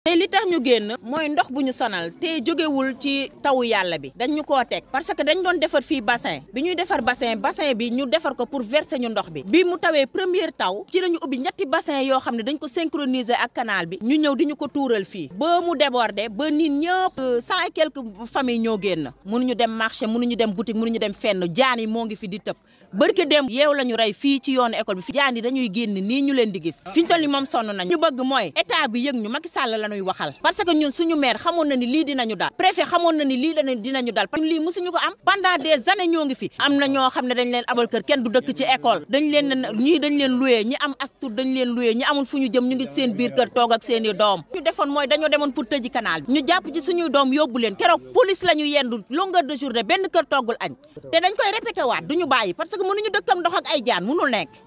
te li tax ñu génn mooy ndox bu ñu sonal te jógewul ci tawu yàlla bi dañ ñu koo teg parce que dañu doon defar fii bassin bi ñuy defar bassin bassin bi ñu defar ko pour verser ñu ndox bi bi mu tawee première taw ci ñu ubbi ñetti bassin yoo xam ne dañ ko synchroniser ak canal bi ñu ñëw di ñu ko tuural fii ba mu déborder ba nit ñëpp euh, cent et quelques familles ñoo génn mënuñu dem marché ñu dem boutique ñu dem fenn jaan yi moo ngi fi di tëb barke dem yeew la ñu rey fii ci yoonu école bi jaan yi dañuy génn nii ñu leen di gis fi ñu toll ni moom sonn ñu bëgg mooy état bi yëg ñu Macky la lañuy waxal parce que ñun suñu maire xamoon na ni lii dinañu daal préfet xamoon na ni lii la dinañu daal ñun lii musuñu ko am pendant ngi fi am na ñoo xam ne dañ leen abal kër kenn du dëkk ci école dañ leen ne ñii dañ leen loué ñi am astur dañ leen loué ñi amul fu ñu jëm ñu ngi seen biir kër toog ak seen i doom ñu defoon mooy dañoo demoon pour tëji canal bi ñu jàpp ci suñuy doom yóbbu leen keroog police la ñu yendu longueur de journée benn kër toggul añ te dañ koy répété waat ñu bàyyi parce que mënuñu dëkk ak ndox ak ay jaan mënul nekk